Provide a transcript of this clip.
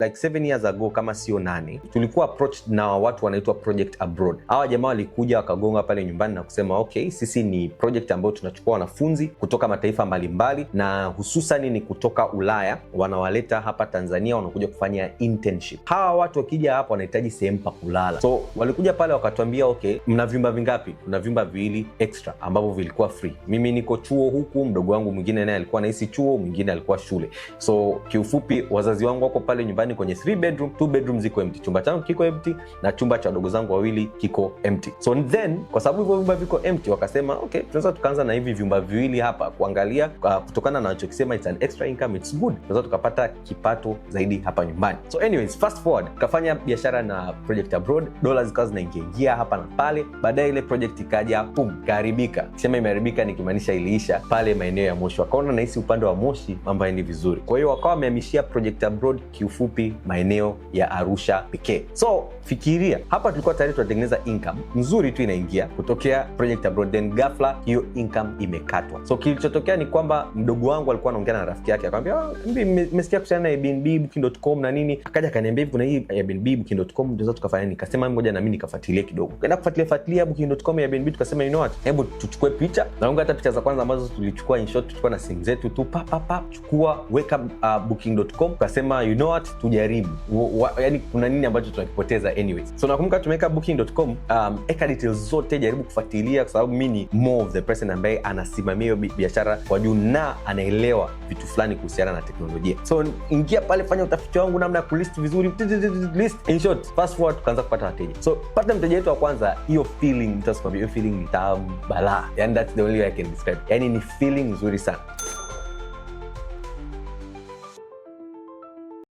like seven years ago kama sio nane, tulikuwa approached na watu wanaitwa project abroad. Hawa jamaa walikuja wakagonga pale nyumbani na kusema okay, sisi ni project ambayo tunachukua wanafunzi kutoka mataifa mbalimbali na hususani ni kutoka Ulaya, wanawaleta hapa Tanzania, wanakuja kufanya internship. Hawa watu wakija hapa wanahitaji sehemu pa kulala, so walikuja pale wakatuambia okay, mna vyumba vingapi? Kuna vyumba viwili extra ambavyo vilikuwa free. Mimi niko chuo huku, mdogo wangu mwingine naye alikuwa nahisi chuo, mwingine alikuwa shule. So kiufupi, wazazi wangu wako pale nyumbani nyumbani kwenye 3 bedroom, 2 bedroom ziko empty, chumba changu kiko empty na chumba cha wadogo zangu wawili kiko empty. So then kwa sababu hivyo vyumba viko empty, wakasema okay, tunaweza tukaanza na hivi vyumba viwili hapa kuangalia, uh, kutokana na anachokisema it's an extra income, it's good, tunaweza tukapata kipato zaidi hapa nyumbani. So anyways, fast forward kafanya biashara na project abroad, dola zikawa zinaingiaingia hapa na pale. Baadaye ile project ikaja, pum, ikaharibika. Sema imeharibika nikimaanisha iliisha pale maeneo ya Moshi. Wakaona nahisi upande wa Moshi mambo yaendi vizuri, kwa hiyo wakawa wamehamishia project abroad kiufupi fupi maeneo ya Arusha pekee. So fikiria hapa, tulikuwa tayari tunatengeneza income nzuri tu inaingia kutokea project ya Broaden, ghafla hiyo income imekatwa. So kilichotokea ni kwamba mdogo wangu alikuwa anaongea na rafiki yake akamwambia, oh, ah, nimesikia kuhusiana na Airbnb, booking.com na nini, akaja akaniambia hivi, kuna hii Airbnb, booking.com tunaweza tukafanya nini? Nikasema ngoja na mimi nikafuatilia kidogo, kaenda kufuatilia fuatilia booking.com ya Airbnb, tukasema you know what, hebu tuchukue picha na hata picha za kwanza ambazo tulichukua, in short tulikuwa na simu zetu tu, pa pa pa, chukua weka uh, booking.com, tukasema you know what kujaribu yani kuna nini ambacho tunakipoteza anyway So nakumbuka tumeweka booking.com, um, eka details zote, jaribu kufuatilia, kwa sababu mi ni more of the person ambaye anasimamia hiyo biashara kwa juu na anaelewa vitu fulani kuhusiana na teknolojia. So ingia pale, fanya utafiti wangu namna ya kulist vizuri, list in short, fast forward, tukaanza kupata wateja. So pata mteja wetu wa kwanza, hiyo feeling, nitakwambia hiyo feeling ni tamu yani that's the only way I can describe, yani ni feeling nzuri sana.